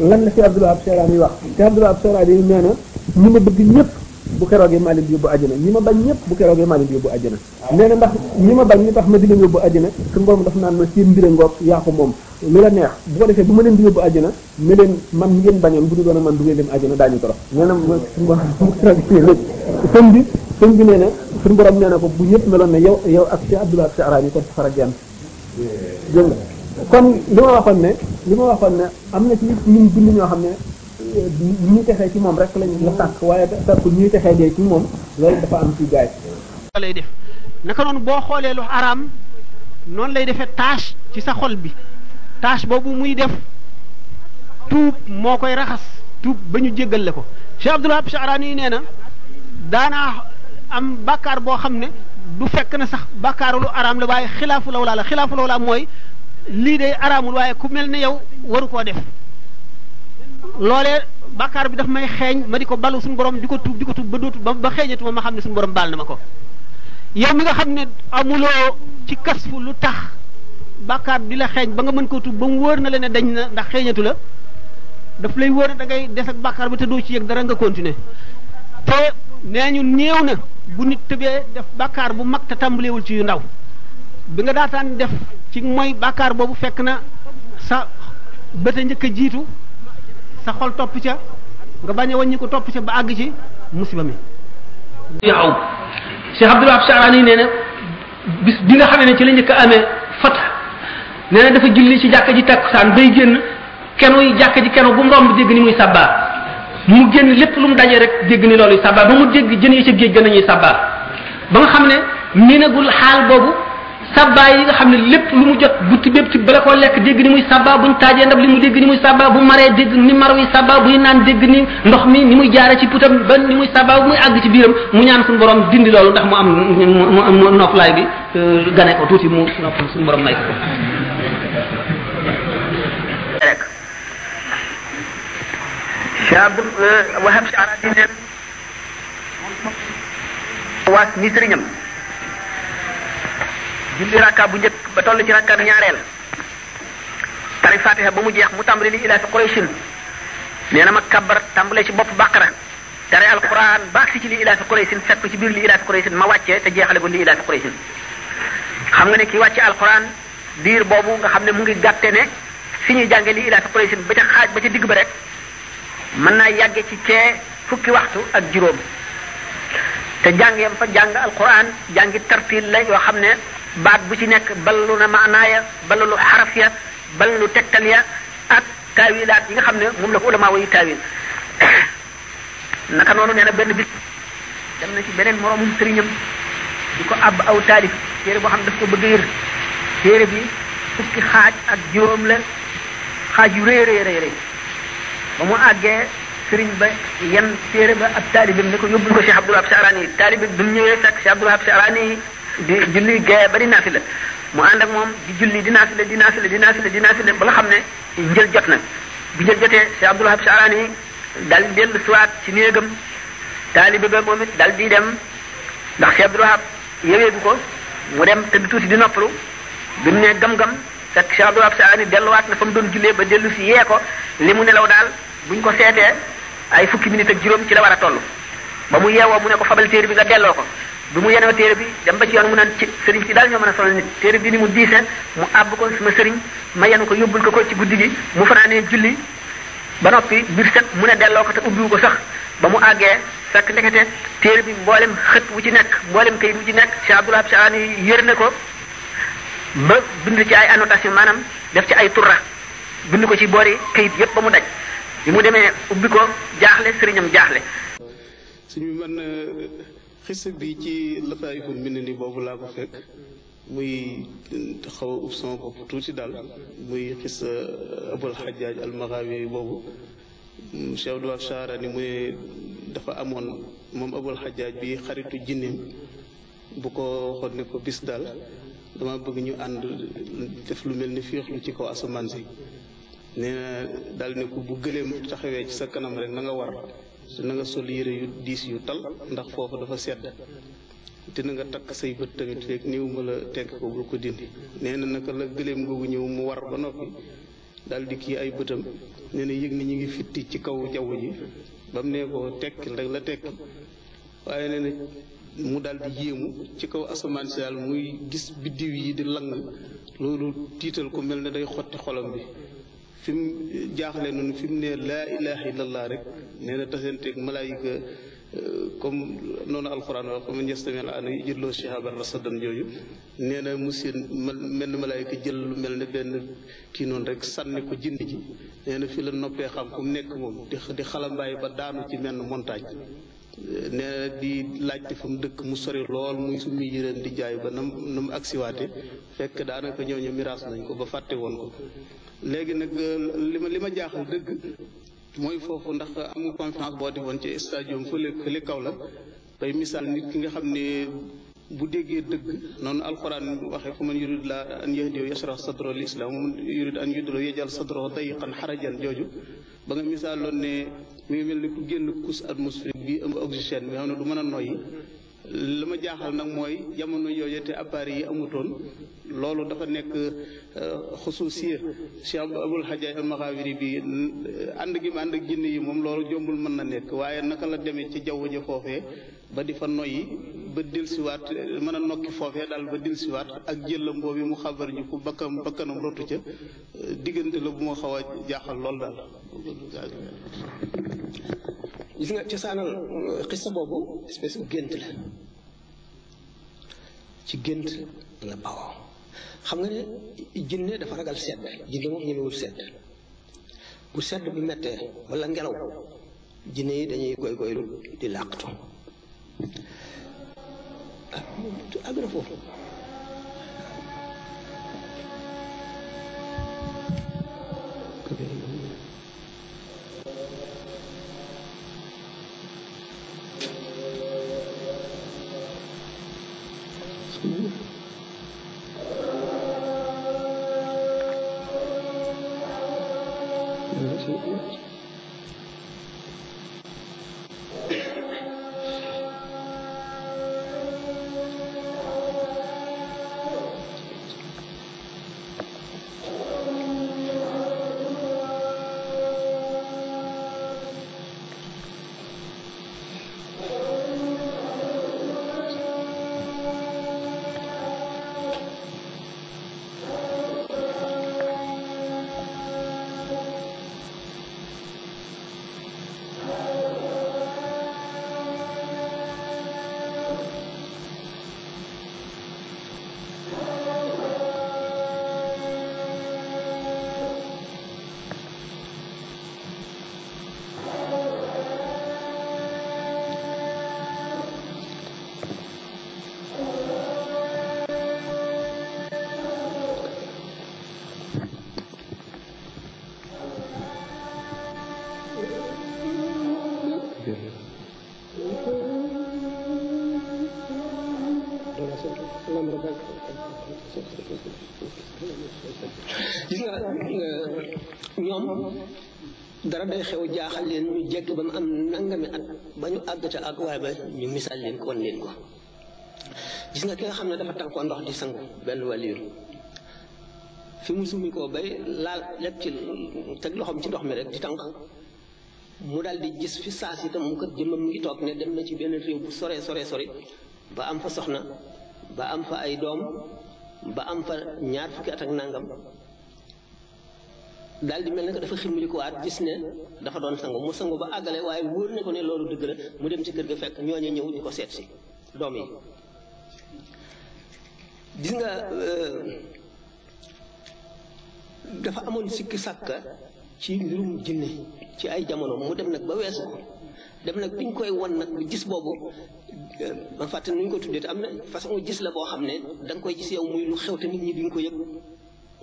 lan la si Abdul Wahab Sharaani wax te Abdul Wahab Sharaani nee na ñi ma bëgg ñëpp bu keroogee Maalik yóbbu àjjana ma bañ ñëpp bu keroogee yóbbu àjjana ñi ma bañ li tax ma di leen yóbbu àjjana suñu borom daf naan ma seen mbir ngoog yaa ko moom li la neex bu ko defee ma leen man ngeen bañoon bu du doon man du ngeen dem àjjana daañu torox nee na suñu borom bu keroogee sëñ bi sëñ bi nee na suñu ko bu ñëpp meloon ne yow yow ak si Abdul Wahab Sharaani kon safara genn dégg nga kon li ma waxoon ne li ma waxoon ne am na ci ñun bind ñoo xam ne eh, ñu texee ci moom rek lañu la sàkk waaye sàkk ñuy texee dee ci moom loolu dafa am ci gaay lay def naka noonu boo xoolee lu araam noonu lay defee tâche ci sa xol bi tâche boobu muy def tuub moo koy raxas tuub ba ñu jéggal la ko Cheikh Abdul Wahab Sha'rani yi nee na daanaa am bàkkaar boo xam ne du fekk na sax bàkkaaru lu araam la waaye xilaafu lawlaa la xilaafu lawlaa mooy lii de araamul waaye ku mel ne yow waru koo def loole bàkkaar bi daf may xeeñ ma di ko balu suñu borom di ko tuub di ko ba dootu ba xeeñatuma ma xam ne suñu borom baal na ma ko yow mi nga xam ne amuloo ci kasfu lu tax bàkkaar bi la xeeñ ba nga mën koo tuub ba mu wóor na la ne dañ na ndax xeeñatu la daf lay wóor ne da des ak bàkkaar ba te doo ci yëg dara nga continuer te nee ñu néew na bu nit tëbee def bàkkaar bu mag te tàmbalewul ci yu ndaw bi nga daataan def ci mooy bàkkaar boobu fekk na sa bët a njëkk a jiitu sa xol topp ca nga bañ a ko topp ca ba àgg ci musiba mi. yow Cheikh Abdul Wahab Sha'rani nee na bis bi nga xamee ne ci la njëkk amee fat nee na dafa julli ci jàkka ji takkusaan bay génn keno yi jàkka ji keno bu mu ni muy sabbaa mu génn lépp lu mu dajee rek dégg ni loolu sabbaa ba mu dégg jën yi ca nañuy sabbaa ba nga xam ne miinagul xaal boobu. sabbaa yi nga xam ne lépp lu mu jot guddi bépp ci bala koo lekk dégg ni muy sabbaa buñ taajee ndab li mu dégg ni muy sabbaa bu maree dégg ni mar wi sabbaa buy naan dégg ni ndox mi ni muy jaare ci putam ba ni muy sabbaa bu muy àgg ci biiram mu ñaan suñu boroom dindi loolu ndax mu am mu noflaay bi euh, gane ko tuuti mu noppal suñu borom may ko. julli rakka bu njëkk ba toll ci rakka ñaareel tari fatiha ba mu jeex mu tàmbali li ilaa fi qurayshin nee na ma kabbar tàmbale ci bopp bàqara tare alquran ba ci li ilaa fi qurayshin fekk ci biir li ilaa fi qurayshin ma wàccee te jeexale ko li ilaa fi qurayshin xam nga ne ki wàcce alquran diir boobu nga xam ne mu ngi gàtte ne fi ñuy li ilaa fi ba ca xaaj ba ca digg ba rek mën naa yàgge ci cee fukki waxtu ak juróom te jàng yam fa jàng alquran jàngi tartil la yoo xam ne baat bu ci nekk ballu na maanaaya ballalu lu ya ballu tegtal ak taawilaat yi nga xam ne moom la ko ulama yi taawil naka noonu nee na benn bis dem na ci beneen moroomum sëriñam di ko àbb aw taalif téere boo xam ne daf ko bëgg yër téere bi fukki xaaj ak juróom la xaaj yu rëy rëy ma mu àggee sëriñ ba yan téere ba ab taalibam ne ko yóbbul ko Cheikh Abdoul Wahab Sharani taalib bi mu ñëwee fekk Cheikh Abdoul Wahab di julli gee ba di la mu ànd ak moom di julli di la di naafila di naafila di naafila ba nga xam ne njël jot na bi njël jotee Cheikh Abdoul Wahab Sha'rani dal di dellu siwaat ci néegam taalibe ba moom it dal di dem ndax Cheikh Abdoul Wahab yeweegu ko mu dem tëdd tuuti di noppalu bi mu ne gam-gam fekk Cheikh Abdoul Wahab Sha'rani delluwaat na fa mu doon jullee ba dellu si yee ko li mu nelaw daal bu buñ ko seetee ay fukki minute ak juróom ci la war a toll ba mu yeewoo mu ne ko fabal bi nga delloo ko bi mu yenoo téere bi dem ba ci yoon mu naan ci sëriñ si daal ñoo mën a solal nit téere bi ni mu diisee mu àbb ko suma sëriñ ma yenu ko yóbbul ko ko ci guddi gi mu fanaanee julli ba noppi biir set mu ne delloo ko te ubbiwu ko sax ba mu àggee fekk ndekete téere bi mboolem xët wu ci nekk mboolem kayit wu ci nekk Cheikh Abdoulaye Chaani yër na ko ba bind ci ay annotation maanaam def ci ay turra bind ko ci boori kayit yépp ba mu daj bi mu demee ubbi ko jaaxle sëriñam jaaxle. suñu xisa bi ci lasaayikul mbind ni boobu laa ko fekk muy euh, xaw a ub tuuti daal muy xisa euh, abul xajaaj almaxaawi boobu mm, Cheikh Abdou Wahab Charani mu ne dafa amoon moom abul xajaaj bi xaritu jinneem bu ko waxoon ne ko bis daal dama bëgg ñu ànd def lu mel ni fiix féexlu ci kaw asamaan si nee na ne ko bu gëleem taxawee ci sa kanam rek na war na nga sol yére yu diis yu tal ndax foofu dafa sedd te na nga takk say bët tamit fekk néew ma la tekk ko bul ko dindi nee na naka la gëléem googu ñëw mu war ba noppi dal di kii ay bëtam nee yëg ni ñu ngi fitti ci kaw jaww ji ba mu nee ko tekkil rek la tekki waaye nee na mu daal di yéemu ci kaw asamaan si daal muy gis biddiw yi di lang loolu tiital ko mel ne day xotti xolam bi fi mu jaaxle noonu fi mu nee laa ilaha illallah rek nee na tasanteeg malaayika euh, comme noonu alxuraan wax comme yastami al-ana yajidloo shihaban rasadan yooyu nee na mu seen mel ni malaayika jël lu mel na benn kii noonu rek sànni ko jind ji nee fi la noppee xam ku nekk moom di di xalambaay ba daanu ci menn montagne euh, nee na di laajte fa mu dëkk mu sori lool muy summi yëreen di jaay ba nam na mu agsiwaate fekk daanaka ñooñu miraas nañ ko ba fàtte woon ko léegi nag euh, li ma li ma jaaxal dëgg mooy foofu ndax am nga conférence boo defoon ci stadium fële fële kaw la bay misaal nit ki nga xam ne bu déggee dëgg noonu alquran waxee fu man yurid la an yahdiyu yashrah sadro lislam man yurid an yudlo yajal sadro dayqan xarajan jooju ba nga misaal loon ne mi ngi mel ni ku génn couche atmosphérique bi ëmb oxygène bi nga xam ne du mën a noyyi li ma jaaxal nag mooy jamono yooyu te appareil yi amutoon loolu dafa nekk euh, xusuusiya Cheikh Abul Hajjaj al bi ànd gi ma ànd ak jinne yi moom loolu jombul mën na nekk waaye naka la demee ci jaww ja foofee ba di fa noyyi ba dilsiwaat mën a nokki foofee daal ba dilsiwaat ak jëlam boobu mu xabar ñu ko bakkam bakkanam rotu ca diggante la bu ma xawa a jaaxal loolu daal gis nga cosaanal xista boobu espèce bu gént la ci gént la bawoo xam nga ne jinne dafa ragal sedd jinne moom ñemewul sedd bu sedd bi mettee wala ngelaw jinne yi dañuy goy goylu di làqtu ah, àgg isso. ñoom dara day xew jaaxal leen ñu jekki ba mu am nangami at ba ñu àgg ca àgg waaye ba ñu misaal leen ko leen ko gis nga ki nga xam ne dafa tànkoo ndox di sangu benn waliyu fi mu summi koo bay laal lépp ci teg loxoom ci ndox mi rek di tànk mu dal di gis fi saas itam mu kat jëmmam mu ngi toog ne dem na ci benn réew bu sore sore sori ba am fa soxna ba am fa ay doom ba am fa ñaar fukki at ak nangam daal di mel ne ko dafa xirmuñu ko waat gis ne dafa doon sangu mu sangu ba àggale waaye wóor na ko ne loolu dëgg la mu dem ci kër ga fekk ñooñu ñëw ñu ko seet si doom yi gis nga euh, dafa amoon sikk sàkka ci mbirum jinne ci ay jamono mu dem nag ba weesu ko dem nag bi ñu koy won nag gis boobu ba euh, fàtte nu ñu ko tuddee te am na façon gis la boo xam ne da koy gis yow muy lu xew te nit ñi duñ ko yëg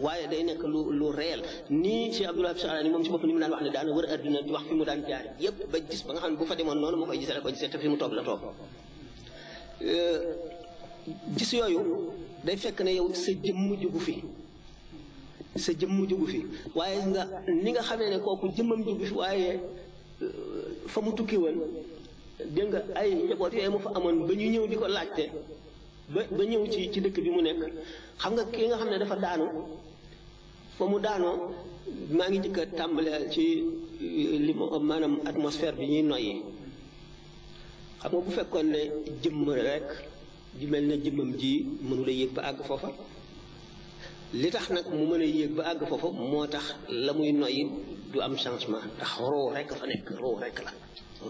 waaye day nekk lu lu réel nii Cheikh Abdoul Wahab Al-Harani moom ci boppam ni mu daan wax ne daana war adduna di wax fi mu daan jaar yépp ba gis ba nga xam ne bu fa demoon noonu moo koy gisee la koy gisee te euh, fekk ne yow sa jëmm jugu fi sa jëmm jugu fi waaye nga ni nga xamee ne kooku jëmmam jugu fi waaye euh, fa mu tukki woon ay njaboot yooyu mu fa amoon ba ñu ñëw di ko laajte ba ba ñëw ci ci dëkk bi mu nekk xam nga ki nga xam ne dafa daanu ba mu daanoo maa ngi jëkk a tàmbalee ci euh, li maanaam atmosphère bi ñuy noyyi xam nga bu fekkoon ne jëmm rek ju mel ne jëmmam ji mënula yéeg ba àgg foofa li tax nag mu mën a yéeg ba àgg foofa moo tax la muy noyyi du am changement ndax roo rek fa nekk roo rek la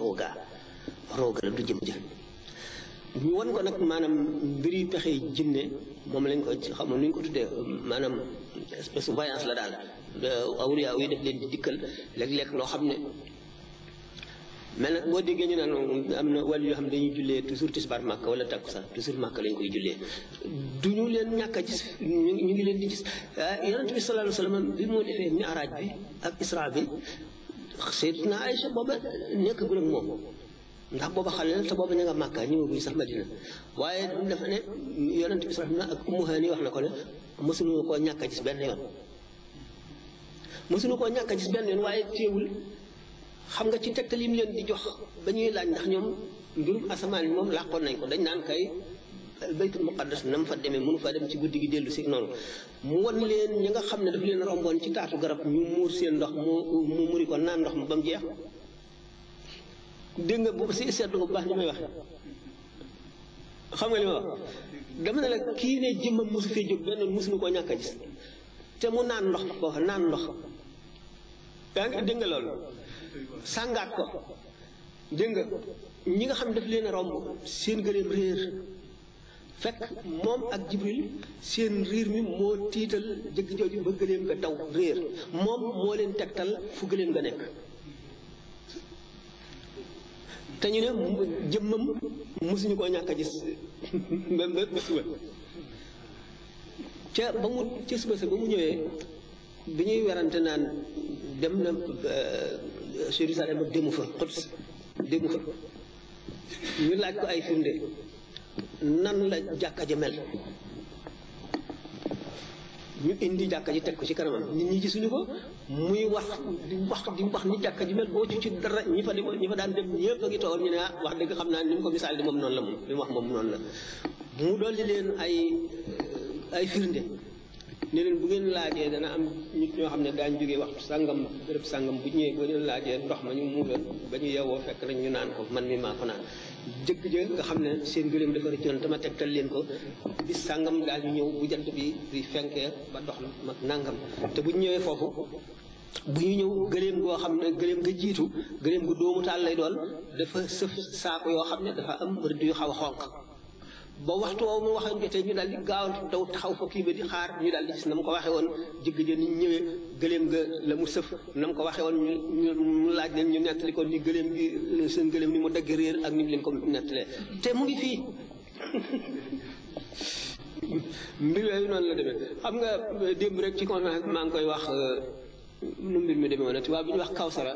roogaa rooga la du jëm jël ñu won ko nag maanaam mbiri pexe jinne moom lañ ko xam nu ñu ko tuddee maanaam espèce voyance la daal awliya yi def leen di dikkal léeg lekk loo xam ne mais nag boo déggee ñu naan am na wàllu yoo xam ne dañuy jullee toujours tisbaar màkk wala takkusaan toujours màkk lañ koy jullee du ñu leen ñàkk a ñu ñu ngi leen di gis ah, yonent bi sallallahu alayhi wa sallam bi ak isra bi Sayyidatuna Aïcha booba nekk gul ak moom ndax booba xale la te booba ña nga màkka ñëwaguñu sax madina waaye dafa ne yonent bi sax na ak Ummu Hani wax na ko ne mësuñu koo ñàkk a gis benn yoon koo ñàkk a benn yoon waaye téewul xam nga ci tegtal yi mu leen di jox ba ñuy laaj ñoom mbirum asamaan yi moom làqoon nañ ko dañ naan kay baytul muqaddas na mu fa demee mënu fa ci guddi gi dellu si noonu mu wan leen ñi nga xam ne daf leen romboon ci taatu garab ñu muur seen ndox mu mu muri ko naan ndox mu ba mu jeex dégg nga bu si seetlu nga bu baax may wax xam nga li ma wax dama ne la kii ne jëmmam mosu fee jóg benn mosuñu koo ñàkk a te mu naan ndox koo naan ndox yaa ngi dégg nga loolu sàngaat ko dégg ñi nga xam daf leen a romb seen gëléem réer fekk moom ak jibril seen riir mi moo tiital jëgg jooju ba gëléem nga daw réer moom moo leen tegtal fu gëléem nga nekk te ñu ne jëmmam mosuñu koo ñàkk a gis ba ca mu ca suba sa ba mu ñëwee bi ñuy werante naan dem na euh, Jérusalem ak demu fa Quds demu fa ñu laaj ko ay firnde nan la jàkka ja mel ñu indi jàkka ji teg ko ci kanamam nit ñi suñu ko muy wax di wax di wax ni jàkka ji mel boo ci ci dara ñi fa ñi fa daan dem ñëpp a ngi toogal ñu ne ah wax dëgg xam naa ni mu ko misaal di moom noonu la moom li mu wax moom noonu la leen ay ay firnde ne leen bu ngeen laajee dana am nit ñoo xam ne daañ jógee waxtu sàngam béréb sàngam bu ñëwee boo leen laajee ndox ma ñu muuloon ba ñu yeewoo fekk nañ ñu naan ko man mi maa ko naan jëkk ja nga xam ne seen gëléem dafa rëccoon dama tegtal leen ko bis sàngam daal ñu ñëw bu jant bi di fenkee ba dox ma nàngam te bu ñu ñëwee foofu bu ñu ñëw gëléem goo xam ne gëléem nga jiitu gëléem gu doomu taal lay doon dafa sëf saako yoo xam ne dafa am rëdd yu xaw a xonq ba waxtu woowu mu waxoon jotee ñu daal di gaawantu daw taxaw fa kii ba di xaar ñu daal di gis na mu ko waxee woon jigg ja ni ñëwee gëléem ga la mu sëf na mu ko waxee woon ñu ñu laaj leen ñu nettali ko ni gëléem gi seen gëléem ni mu dagg réer ak ni mu leen ko nettalee te mu ngi fii mbir yooyu la demee xam nga démb rek ci conférence maa ngi koy wax euh, nu mbir mi demee woon waa bi ñu wax Kawsara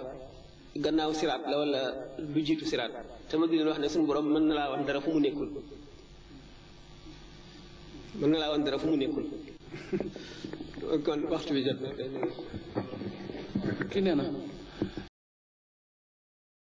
gannaaw siraat la wala lu jiitu siraat te ma di leen wax ne suñu borom mën na laa wax dara fu mu nekkul mën na laa woon dara fu mu nekkul kon waxtu bi jot na. kii na.